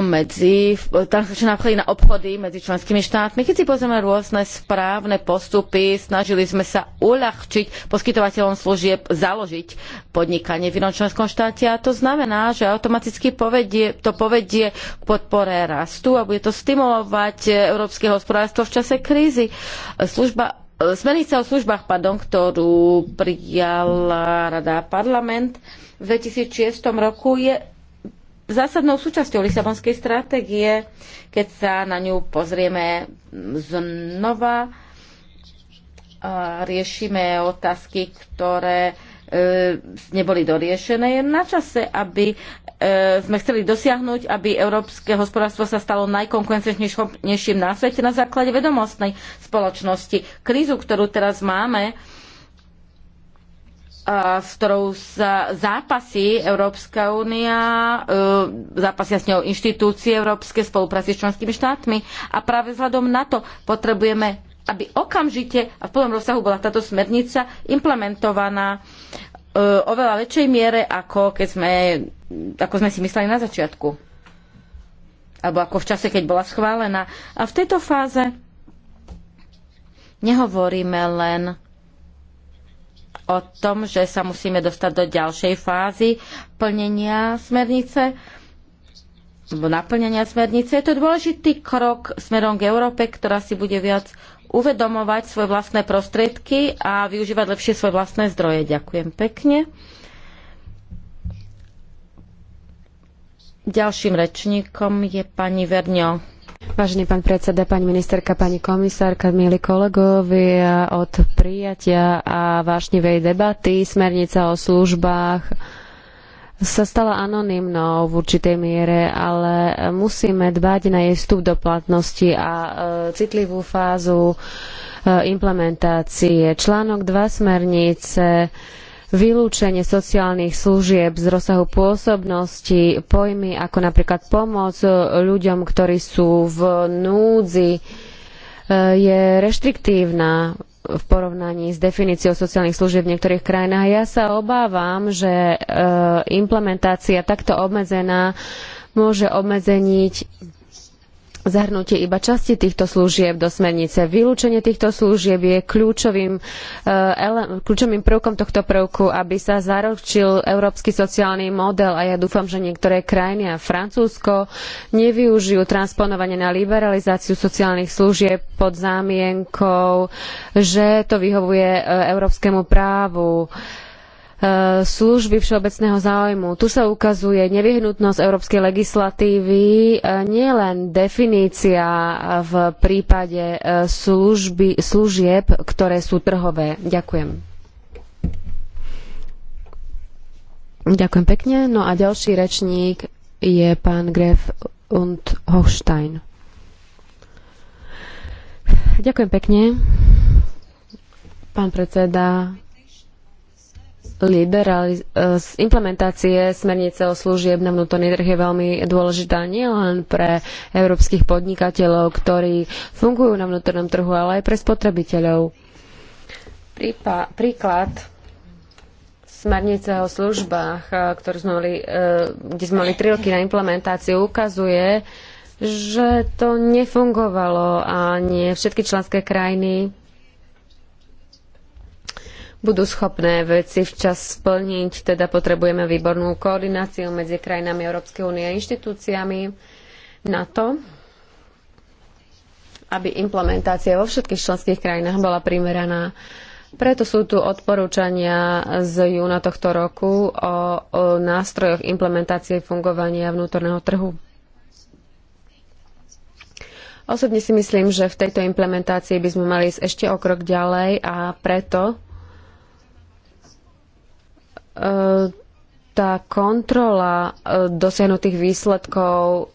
medzi, transakčná na obchody medzi členskými štátmi. Keď si pozrieme rôzne správne postupy, snažili sme sa uľahčiť poskytovateľom služieb založiť podnikanie v inom členskom štáte a to znamená, že automaticky povedie, to povedie k podpore rastu a bude to stimulovať európske hospodárstvo v čase krízy. Služba Smernica o službách, pardon, ktorú prijala Rada parlament v 2006 roku je zásadnou súčasťou Lisabonskej stratégie, keď sa na ňu pozrieme znova. Riešime otázky, ktoré e, neboli doriešené. Je na čase, aby e, sme chceli dosiahnuť, aby európske hospodárstvo sa stalo najkonkurenčnejším na svete na základe vedomostnej spoločnosti. Krízu, ktorú teraz máme, s ktorou sa zápasí Európska únia, e, zápasia s ňou inštitúcie európske spolupráci s členskými štátmi a práve vzhľadom na to potrebujeme, aby okamžite a v plnom rozsahu bola táto smernica implementovaná e, oveľa väčšej miere, ako, keď sme, ako sme si mysleli na začiatku. Alebo ako v čase, keď bola schválená. A v tejto fáze nehovoríme len o tom, že sa musíme dostať do ďalšej fázy plnenia smernice alebo naplňania smernice. Je to dôležitý krok smerom k Európe, ktorá si bude viac uvedomovať svoje vlastné prostriedky a využívať lepšie svoje vlastné zdroje. Ďakujem pekne. Ďalším rečníkom je pani Verňo. Vážený pán predseda, pani ministerka, pani komisárka, milí kolegovia, od prijatia a vášnivej debaty smernica o službách sa stala anonymnou v určitej miere, ale musíme dbať na jej vstup do platnosti a e, citlivú fázu e, implementácie. Článok 2 smernice e, vylúčenie sociálnych služieb z rozsahu pôsobnosti, pojmy ako napríklad pomoc ľuďom, ktorí sú v núdzi, e, je reštriktívna v porovnaní s definíciou sociálnych služieb v niektorých krajinách. Ja sa obávam, že e, implementácia takto obmedzená môže obmedzeniť Zahrnutie iba časti týchto služieb do smernice. Vylúčenie týchto služieb je kľúčovým, eh, kľúčovým prvkom tohto prvku, aby sa zaručil európsky sociálny model a ja dúfam, že niektoré krajiny a Francúzsko nevyužijú transponovanie na liberalizáciu sociálnych služieb pod zámienkou, že to vyhovuje eh, európskemu právu. Uh, E, služby všeobecného záujmu. Tu sa ukazuje nevyhnutnosť európskej legislatívy, e, nielen definícia v prípade e, služby, služieb, ktoré sú trhové. Ďakujem. Ďakujem pekne. No a ďalší rečník je pán Gref und Hochstein. Ďakujem pekne. Pán predseda, liberaliz- eh, implementácie smernice o služieb na vnútorný trh je veľmi dôležitá nielen pre európskych podnikateľov, ktorí fungujú na vnútornom trhu, ale aj pre spotrebiteľov. Prípa- príklad smernice o službách, eh, ktorú sme mali, eh, kde sme mali tri roky na implementáciu, ukazuje, že to nefungovalo a nie všetky členské krajiny budú schopné veci včas splniť, teda potrebujeme výbornú koordináciu medzi krajinami Európskej únie a inštitúciami na to, aby implementácia vo všetkých členských krajinách bola primeraná. Preto sú tu odporúčania z júna tohto roku o, o nástrojoch implementácie fungovania vnútorného trhu. Osobne si myslím, že v tejto implementácii by sme mali ísť ešte o krok ďalej a preto E, tá kontrola e, dosiahnutých výsledkov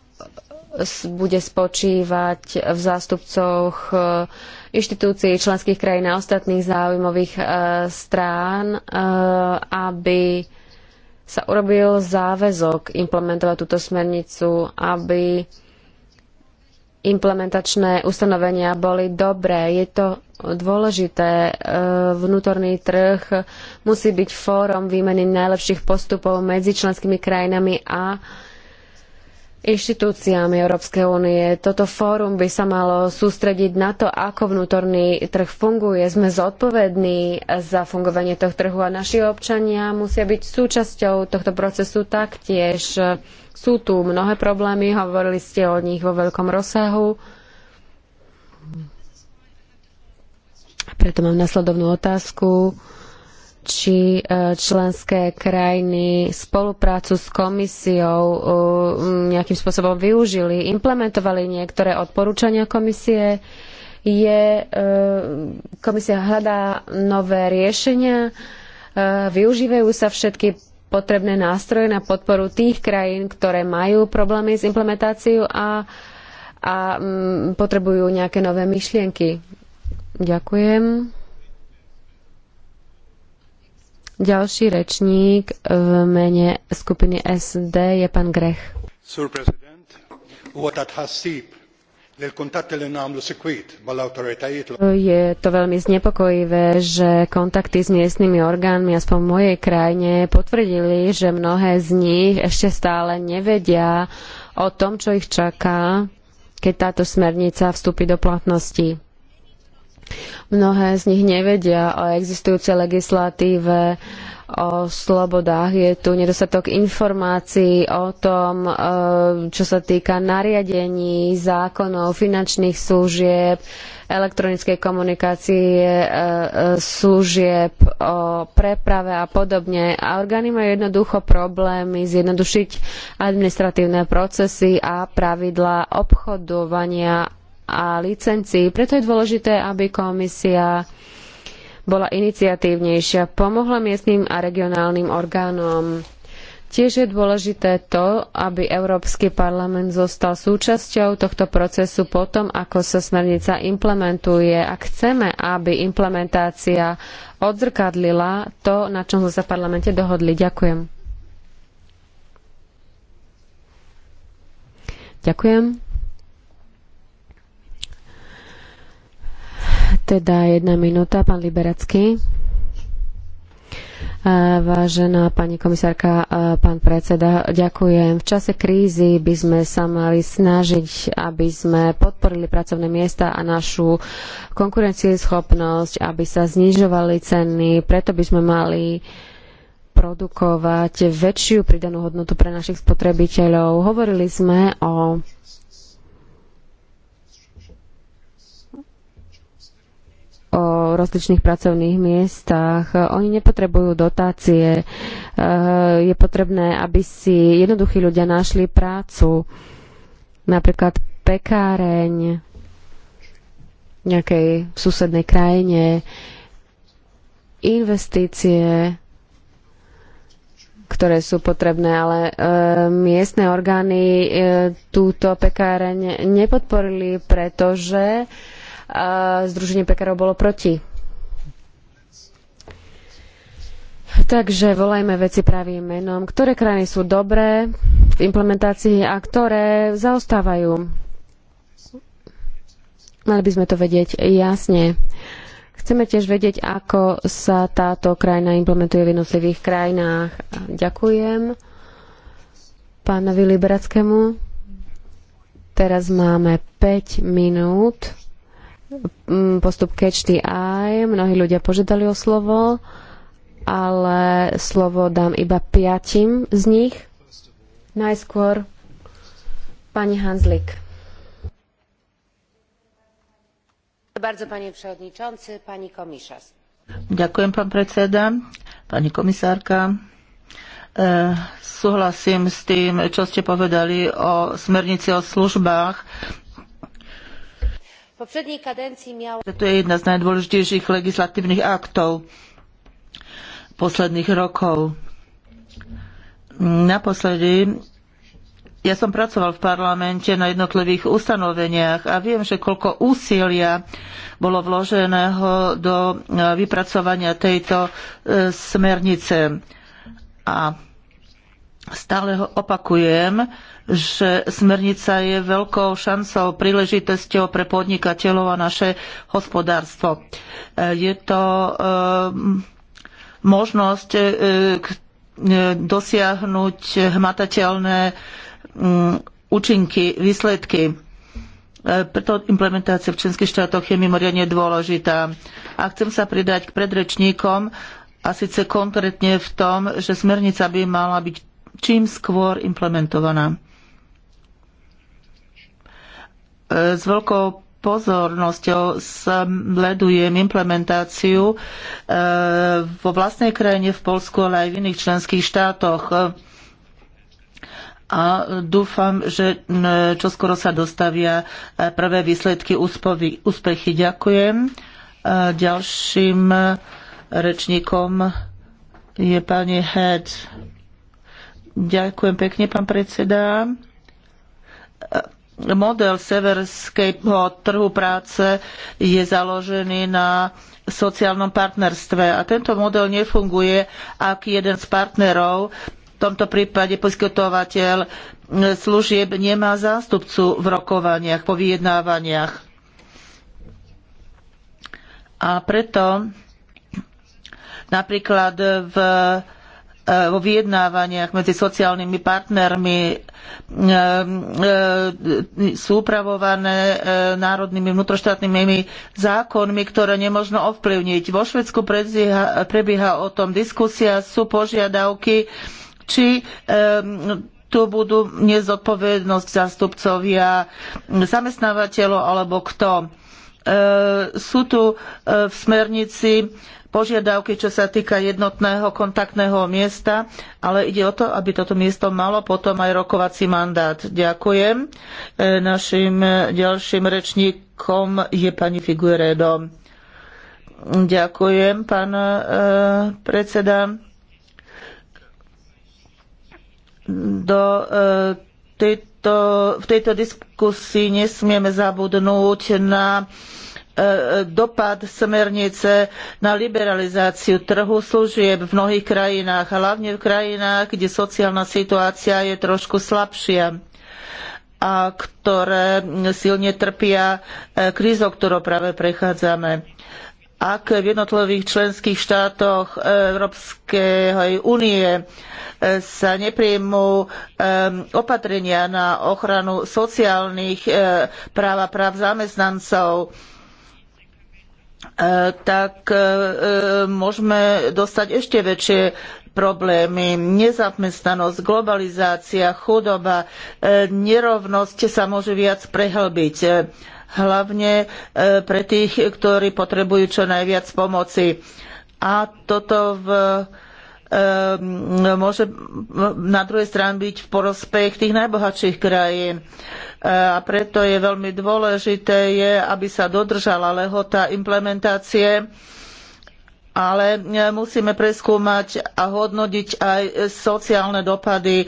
e, bude spočívať v zástupcoch inštitúcií členských krajín a ostatných záujmových strán, aby sa urobil záväzok implementovať túto smernicu, aby implementačné ustanovenia boli dobré. Je to dôležité. E, vnútorný trh musí byť fórom výmeny najlepších postupov medzi členskými krajinami a inštitúciami Európskej únie. Toto fórum by sa malo sústrediť na to, ako vnútorný trh funguje. Sme zodpovední za fungovanie tohto trhu a naši občania musia byť súčasťou tohto procesu taktiež sú tu mnohé problémy, hovorili ste o nich vo veľkom rozsahu. Preto mám nasledovnú otázku či e, členské krajiny spoluprácu s komisiou e, nejakým spôsobom využili, implementovali niektoré odporúčania komisie. Je, e, komisia hľadá nové riešenia, využívajú sa všetky potrebné nástroje na podporu tých krajín, ktoré majú problémy s implementáciou a, a m, mm, potrebujú nejaké nové myšlienky. Ďakujem. Ďalší rečník v mene skupiny SD je pán Grech. Je to veľmi znepokojivé, že kontakty s miestnymi orgánmi aspoň v mojej krajine potvrdili, že mnohé z nich ešte stále nevedia o tom, čo ich čaká, keď táto smernica vstúpi do platnosti. Mnohé z nich nevedia o existujúcej legislatíve, o slobodách. Je tu nedostatok informácií o tom, e, čo sa týka nariadení, zákonov, finančných služieb, elektronickej komunikácie, e, e, služieb o preprave a podobne. A orgány majú jednoducho problémy zjednodušiť administratívne procesy a pravidlá obchodovania a licencií. Preto je dôležité, aby komisia bola iniciatívnejšia, pomohla miestnym a regionálnym orgánom. Tiež je dôležité to, aby Európsky parlament zostal súčasťou tohto procesu potom, ako sa smernica implementuje. Ak chceme, aby implementácia odzrkadlila to, na čom sme sa v parlamente dohodli. Ďakujem. Ďakujem. Teda jedna minúta, pán Liberacký. Vážená pani komisárka, pán predseda, ďakujem. V čase krízy by sme sa mali snažiť, aby sme podporili pracovné miesta a našu konkurencieschopnosť, aby sa znižovali ceny. Preto by sme mali produkovať väčšiu pridanú hodnotu pre našich spotrebiteľov. Hovorili sme o o rozličných pracovných miestach. Oni nepotrebujú dotácie. Eh, je potrebné, aby si jednoduchí ľudia našli prácu. Napríklad pekáreň v nejakej susednej krajine. Investície, ktoré sú potrebné, ale e, miestne orgány e, túto pekáreň nepodporili, pretože e, Združenie pekárov bolo proti. Takže volajme veci pravým menom. Ktoré krajiny sú dobré v implementácii a ktoré zaostávajú? Mali by sme to vedieť jasne. Chceme tiež vedieť, ako sa táto krajina implementuje v jednotlivých krajinách. Ďakujem pánovi Liberackému. Teraz máme 5 minút Mm, postup Catch the Eye. Mnohí ľudia požiadali o slovo, ale slovo dám iba piatim z nich. Najskôr pani Hanslik. Bardzo, panie przewodniczący, pani komisarz. Ďakujem, pán predseda, pani komisárka. E, súhlasím s tým, čo ste povedali o smernici o službách poprzedniej kadencji miało... To je jedna z najdôležitejších legislatívnych aktov posledných rokov. Naposledy ja som pracoval v parlamente na jednotlivých ustanoveniach a viem, že koľko úsilia bolo vloženého do vypracovania tejto e, smernice. A Stále opakujem, že smernica je veľkou šancou, príležitosťou pre podnikateľov a naše hospodárstvo. E, je to e, možnosť e, dosiahnuť hmatateľné mm, účinky, výsledky. Preto implementácia v členských štátoch je mimoriadne dôležitá. A chcem sa pridať k predrečníkom, a síce konkrétne v tom, že smernica by mala byť čím skôr implementovaná. E, s veľkou pozornosťou sledujem implementáciu e, vo vlastnej krajine v Polsku, ale aj v iných členských štátoch. A dúfam, že čoskoro sa dostavia e, prvé výsledky úspovy, úspechy. Ďakujem. Ďalším rečníkom je pani Head. Ďakujem pekne, pán predseda. Model severského trhu práce je založený na sociálnom partnerstve a tento model nefunguje, ak jeden z partnerov, v tomto prípade poskytovateľ služieb, nemá zástupcu v rokovaniach, po vyjednávaniach. A preto napríklad v E, vo vyjednávaniach medzi sociálnymi partnermi e, e, sú upravované národnými vnútroštátnymi zákonmi, ktoré nemožno ovplyvniť. Vo Švedsku prebieha o tom diskusia, sú požiadavky, či tu budú nezodpovednosť zastupcovia zamestnávateľov alebo kto. Sú tu v smernici požiadavky, čo sa týka jednotného kontaktného miesta, ale ide o to, aby toto miesto malo potom aj rokovací mandát. Ďakujem. E, našim ďalším rečníkom je pani Figueredo. Ďakujem, pán e, predseda. Do e, tejto, v tejto diskusii nesmieme zabudnúť na E, dopad smernice na liberalizáciu trhu služieb v mnohých krajinách, hlavne v krajinách, kde sociálna situácia je trošku slabšia a ktoré silne trpia e, krízou, ktorou práve prechádzame. Ak v jednotlivých členských štátoch e, Európskej únie sa nepríjmú opatrenia na ochranu sociálnych práv a práv zamestnancov, E, tak e, e, môžeme dostať ešte väčšie problémy, nezamestnanosť, globalizácia, chudoba, nerovnosť sa môže viac prehlbiť. Hlavne pre tých, ktorí potrebujú čo najviac pomoci. A toto v Ehm, môže na druhej strane byť v prospech tých najbohatších krajín. E, a preto je veľmi dôležité, je, aby sa dodržala lehota implementácie ale e, musíme preskúmať a hodnotiť aj sociálne dopady e,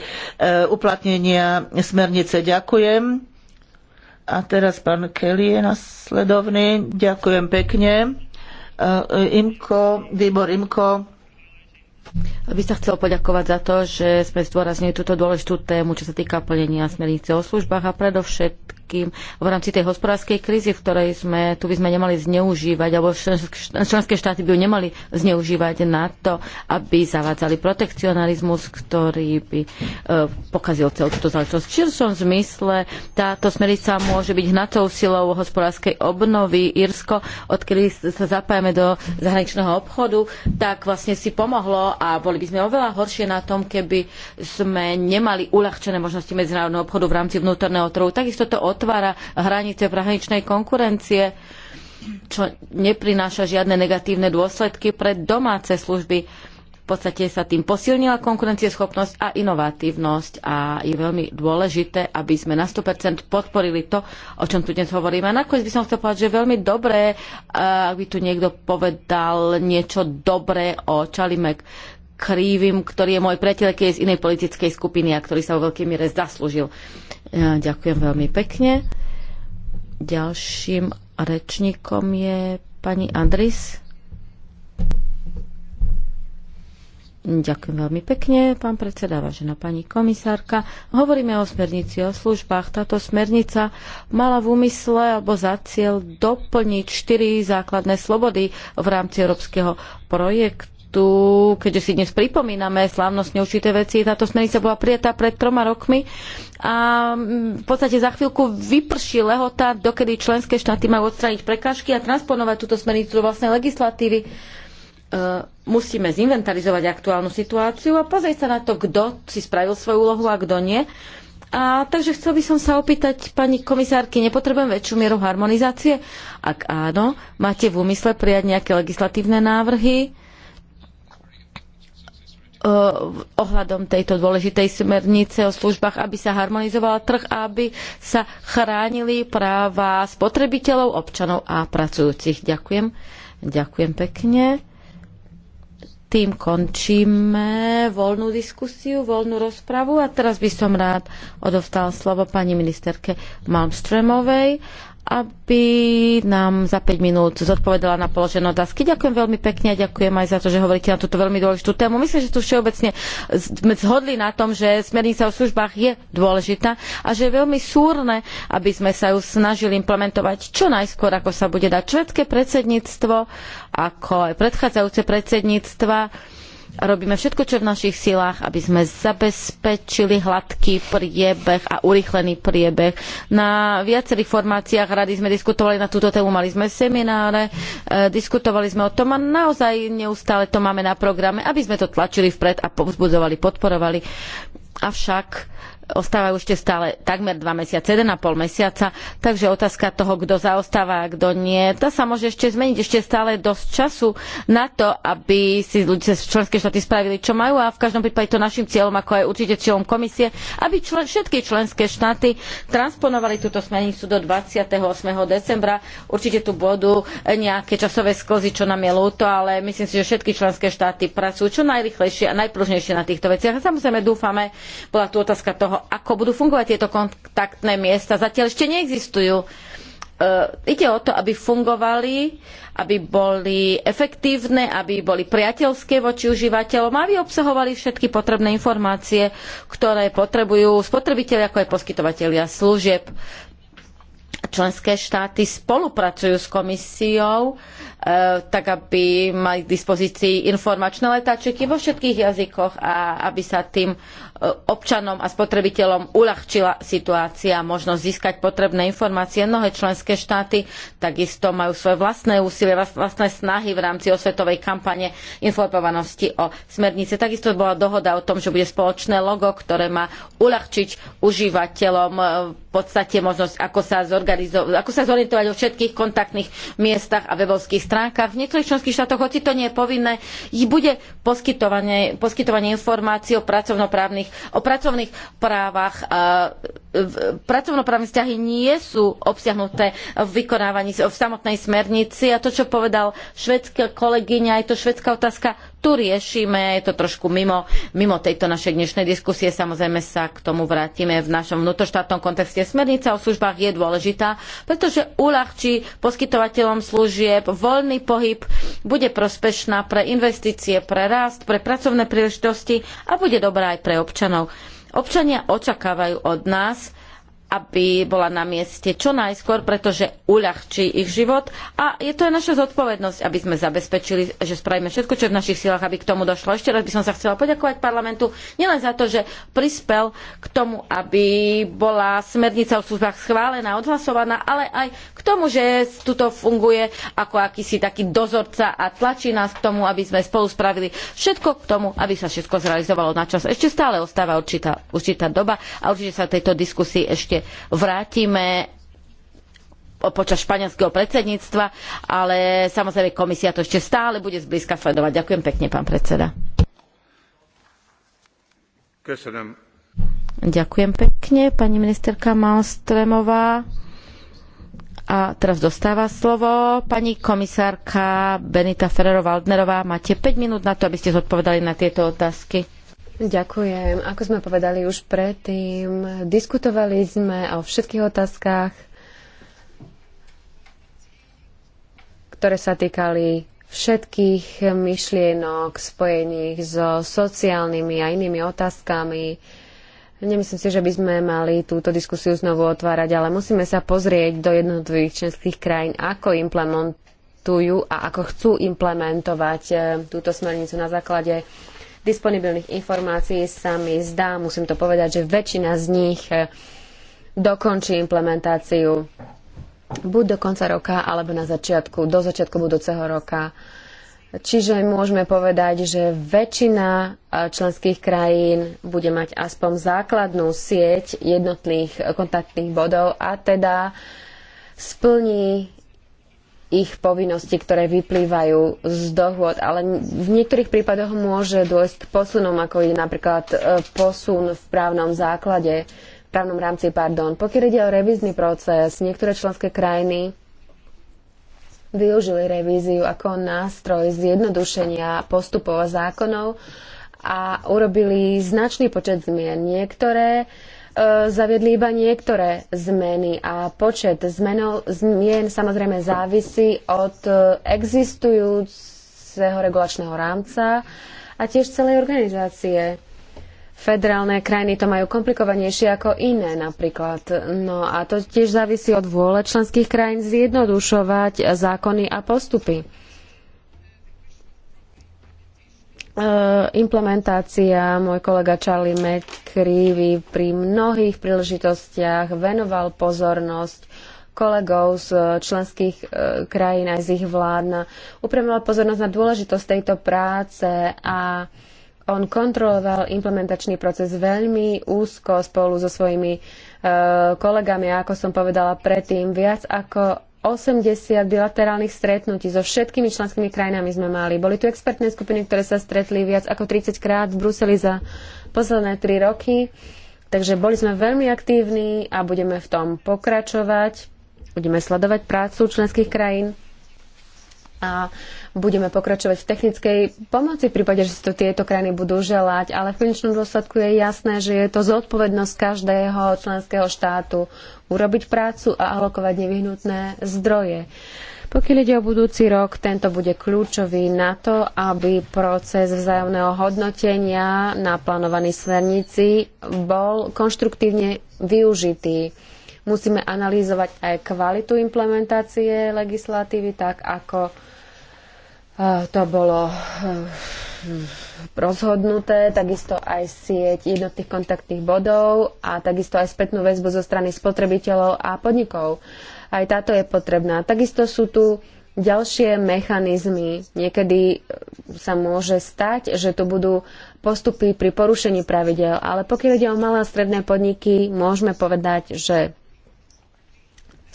uplatnenia smernice. Ďakujem. A teraz pán Kelly je nasledovný. Ďakujem pekne. Imko, výbor Imko by sa chcel poďakovať za to, že sme zdôraznili túto dôležitú tému, čo sa týka plnenia smernice o službách a predovšetkým predovšetkým v rámci tej hospodárskej krízy, v ktorej sme, tu by sme nemali zneužívať, alebo členské štáty by ju nemali zneužívať na to, aby zavádzali protekcionalizmus, ktorý by e, pokazil celú túto záležitosť. V širšom zmysle táto smerica môže byť hnacou silou hospodárskej obnovy. Írsko, odkedy sa zapájame do zahraničného obchodu, tak vlastne si pomohlo a boli by sme oveľa horšie na tom, keby sme nemali uľahčené možnosti medzinárodného obchodu v rámci vnútorného trhu. Takisto to od otvára hranice hraničnej konkurencie, čo neprináša žiadne negatívne dôsledky pre domáce služby. V podstate sa tým posilnila konkurencieschopnosť a inovatívnosť a je veľmi dôležité, aby sme na 100% podporili to, o čom tu dnes hovoríme. A nakoniec by som chcel povedať, že je veľmi dobré, eh, ak by tu niekto povedal niečo dobré o Čalimek krývim, ktorý je môj priateľ, keď je z inej politickej skupiny a ktorý sa vo veľkej miere zaslúžil Ďakujem veľmi pekne. Ďalším rečníkom je pani Andris. Ďakujem veľmi pekne, pán predseda, vážená pani komisárka. Hovoríme o smernici o službách. Táto smernica mala v úmysle alebo za cieľ doplniť štyri základné slobody v rámci európskeho projektu tu, keďže si dnes pripomíname slávnostne určité veci, táto smernica bola prijatá pred troma rokmi a mm, v podstate za chvíľku vyprší lehota, dokedy členské štáty majú odstrániť prekážky a transponovať túto smernicu do vlastnej legislatívy. E, musíme zinventarizovať aktuálnu situáciu a pozrieť sa na to, kto si spravil svoju úlohu a kto nie. A takže chcel by som sa opýtať, pani komisárky, nepotrebujem väčšiu mieru harmonizácie? Ak áno, máte v úmysle prijať nejaké legislatívne návrhy? Eh, ohľadom tejto dôležitej smernice o službách, aby sa harmonizoval trh a aby sa chránili práva spotrebiteľov, občanov a pracujúcich. Ďakujem. Ďakujem pekne. Tým končíme voľnú diskusiu, voľnú rozpravu a teraz by som rád odovstal slovo pani ministerke Malmstremovej, aby nám za 5 minút zodpovedala na položené otázky. Ďakujem veľmi pekne a ďakujem aj za to, že hovoríte na túto veľmi dôležitú tému. Myslím, že tu všeobecne sme zhodli na tom, že smernica o službách je dôležitá a že je veľmi súrne, aby sme sa ju snažili implementovať čo najskôr, ako sa bude dať. Švedské predsedníctvo, ako aj predchádzajúce predsedníctva, Robíme všetko, čo je v našich silách, aby sme zabezpečili hladký priebeh a urýchlený priebeh. Na viacerých formáciách rady sme diskutovali na túto tému, mali sme semináre, e, diskutovali sme o tom a naozaj neustále to máme na programe, aby sme to tlačili vpred a povzbudzovali, podporovali. Avšak ostávajú ešte stále takmer dva mesiace, jeden a pol mesiaca, takže otázka toho, kto zaostáva a kto nie, tá sa môže ešte zmeniť. Ešte stále dosť času na to, aby si ľudia z členské štáty spravili, čo majú a v každom prípade to našim cieľom, ako aj určite cieľom komisie, aby člen, všetky členské štáty transponovali túto smernicu do 28. decembra. Určite tu budú nejaké časové sklzy, čo nám je ľúto, ale myslím si, že všetky členské štáty pracujú čo najrychlejšie a najpružnejšie na týchto veciach. A samozrejme dúfame, bola tu otázka toho, ako budú fungovať tieto kontaktné miesta. Zatiaľ ešte neexistujú. E, ide o to, aby fungovali, aby boli efektívne, aby boli priateľské voči užívateľom, aby obsahovali všetky potrebné informácie, ktoré potrebujú spotrebitelia ako aj poskytovatelia služieb členské štáty spolupracujú s komisiou Eh, tak aby mali k dispozícii informačné letáčeky vo všetkých jazykoch a aby sa tým eh, občanom a spotrebiteľom uľahčila situácia, možnosť získať potrebné informácie. Mnohé členské štáty takisto majú svoje vlastné úsilie, vlastné snahy v rámci osvetovej kampane informovanosti o smernice. Takisto bola dohoda o tom, že bude spoločné logo, ktoré má uľahčiť užívateľom eh, v podstate možnosť, ako sa, ako sa zorientovať o všetkých kontaktných miestach a webovských stránkach. V niektorých členských štátoch, hoci to nie je povinné, ich bude poskytovanie, poskytovanie informácií o pracovnoprávnych, o pracovných právach e, pracovnoprávne vzťahy nie sú obsiahnuté v vykonávaní v samotnej smernici a to, čo povedal švedská kolegyňa, je to švedská otázka, tu riešime, je to trošku mimo, mimo tejto našej dnešnej diskusie, samozrejme sa k tomu vrátime v našom vnútroštátnom kontexte. Smernica o službách je dôležitá, pretože uľahčí poskytovateľom služieb voľný pohyb, bude prospešná pre investície, pre rast, pre pracovné príležitosti a bude dobrá aj pre občanov. Občania očakávajú od nás, aby bola na mieste čo najskôr, pretože uľahčí ich život a je to aj naša zodpovednosť, aby sme zabezpečili, že spravíme všetko, čo je v našich silách, aby k tomu došlo. Ešte raz by som sa chcela poďakovať parlamentu nielen za to, že prispel k tomu, aby bola smernica o službách schválená, odhlasovaná, ale aj k tomu, že tuto funguje ako akýsi taký dozorca a tlačí nás k tomu, aby sme spolu spravili všetko k tomu, aby sa všetko zrealizovalo na čas. Ešte stále ostáva určitá, určitá doba a určite sa tejto diskusii ešte vrátime počas španielského predsedníctva, ale samozrejme komisia to ešte stále bude zblízka sledovať. Ďakujem pekne, pán predseda. Ďakujem pekne, pani ministerka Malstremová. A teraz dostáva slovo pani komisárka Benita Ferrero-Waldnerová. Máte 5 minút na to, aby ste zodpovedali na tieto otázky. Ďakujem. Ako sme povedali už predtým, diskutovali sme o všetkých otázkach, ktoré sa týkali všetkých myšlienok spojených so sociálnymi a inými otázkami. Nemyslím si, že by sme mali túto diskusiu znovu otvárať, ale musíme sa pozrieť do jednotlivých členských krajín, ako implementujú a ako chcú implementovať eh, túto smernicu na základe disponibilných informácií sa mi zdá, musím to povedať, že väčšina z nich eh, dokončí implementáciu buď do konca roka, alebo na začiatku, do začiatku budúceho roka. Čiže môžeme povedať, že väčšina eh, členských krajín bude mať aspoň základnú sieť jednotných kontaktných bodov a teda splní ich povinnosti, ktoré vyplývajú z dohôd, ale v niektorých prípadoch môže dôjsť k posunom, ako je napríklad e, posun v právnom základe, v právnom rámci, pardon. Pokiaľ ide o revízny proces, niektoré členské krajiny využili revíziu ako nástroj zjednodušenia postupov a zákonov a urobili značný počet zmien. Niektoré uh, E, zaviedli iba niektoré zmeny a počet zmenov, zmien samozrejme závisí od e, existujúceho regulačného rámca a tiež celej organizácie. Federálne krajiny to majú komplikovanejšie ako iné napríklad. No a to tiež závisí od vôle členských krajín zjednodušovať zákony a postupy. E, implementácia, môj kolega Charlie McCreevy pri mnohých príležitostiach venoval pozornosť kolegov z členských e, krajín aj z ich vlád na, upremila pozornosť na dôležitosť tejto práce a on kontroloval implementačný proces veľmi úzko spolu so svojimi e, kolegami a ako som povedala predtým, viac ako 80 bilaterálnych stretnutí so všetkými členskými krajinami sme mali. Boli tu expertné skupiny, ktoré sa stretli viac ako 30 krát v Bruseli za posledné 3 roky. Takže boli sme veľmi aktívni a budeme v tom pokračovať. Budeme sledovať prácu členských krajín a budeme pokračovať v technickej pomoci v prípade, že si to tieto krajiny budú želať, ale v konečnom dôsledku je jasné, že je to zodpovednosť každého členského štátu urobiť prácu a alokovať nevyhnutné zdroje. Pokiaľ ide o budúci rok, tento bude kľúčový na to, aby proces vzájomného hodnotenia na plánovanej smernici bol konštruktívne využitý musíme analýzovať aj kvalitu implementácie legislatívy, tak ako Eh, to bolo eh, rozhodnuté, takisto aj sieť jednotných kontaktných bodov a takisto aj spätnú väzbu zo strany spotrebiteľov a podnikov. Aj táto je potrebná. Takisto sú tu ďalšie mechanizmy. Niekedy eh, sa môže stať, že tu budú postupy pri porušení pravidel, ale pokiaľ ide o malé a stredné podniky, môžeme povedať, že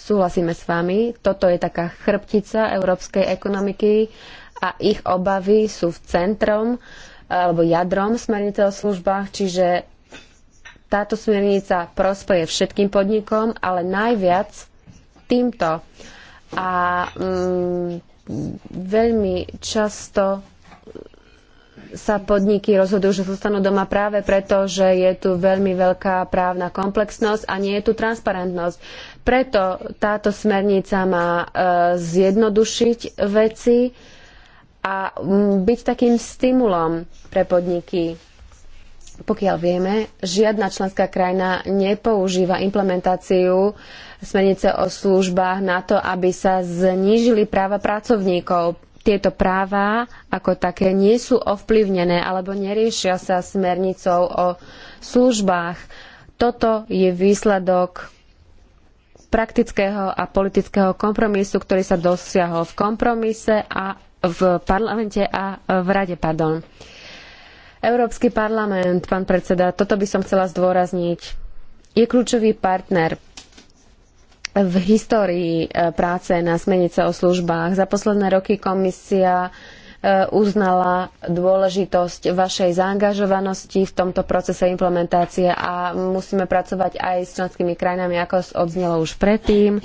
súhlasíme s vami. Toto je taká chrbtica európskej ekonomiky a ich obavy sú v centrom alebo jadrom smernice o službách, čiže táto smernica prospeje všetkým podnikom, ale najviac týmto. A mm, veľmi často sa podniky rozhodujú, že zostanú doma práve preto, že je tu veľmi veľká právna komplexnosť a nie je tu transparentnosť. Preto táto smernica má e, zjednodušiť veci, a mm, byť takým stimulom pre podniky. Pokiaľ vieme, žiadna členská krajina nepoužíva implementáciu smernice o službách na to, aby sa znížili práva pracovníkov. Tieto práva ako také nie sú ovplyvnené alebo neriešia sa smernicou o službách. Toto je výsledok praktického a politického kompromisu, ktorý sa dosiahol v kompromise a v parlamente a v rade, pardon. Európsky parlament, pán predseda, toto by som chcela zdôrazniť, je kľúčový partner v histórii e, práce na smenice o službách. Za posledné roky komisia e, uznala dôležitosť vašej zaangažovanosti v tomto procese implementácie a musíme pracovať aj s členskými krajinami, ako odznelo už predtým.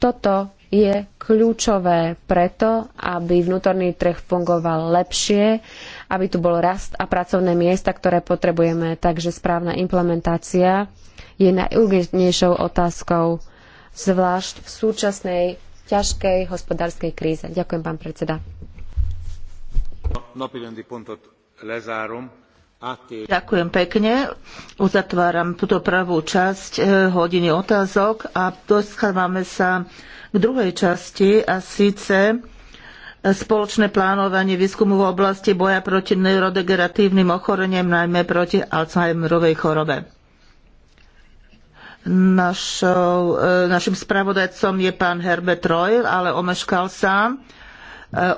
Toto je kľúčové preto, aby vnútorný trh fungoval lepšie, aby tu bol rast a pracovné miesta, ktoré potrebujeme. Takže správna implementácia je najurgentnejšou otázkou, zvlášť v súčasnej ťažkej hospodárskej kríze. Ďakujem, pán predseda. Ďakujem pekne. Uzatváram túto pravú časť eh, hodiny otázok a dostávame sa k druhej časti a síce e, spoločné plánovanie výskumu v oblasti boja proti neurodegeneratívnym ochoreniam, najmä proti Alzheimerovej chorobe. Našou, e, našim spravodajcom je pán Herbert Royal, ale omeškal sa. E,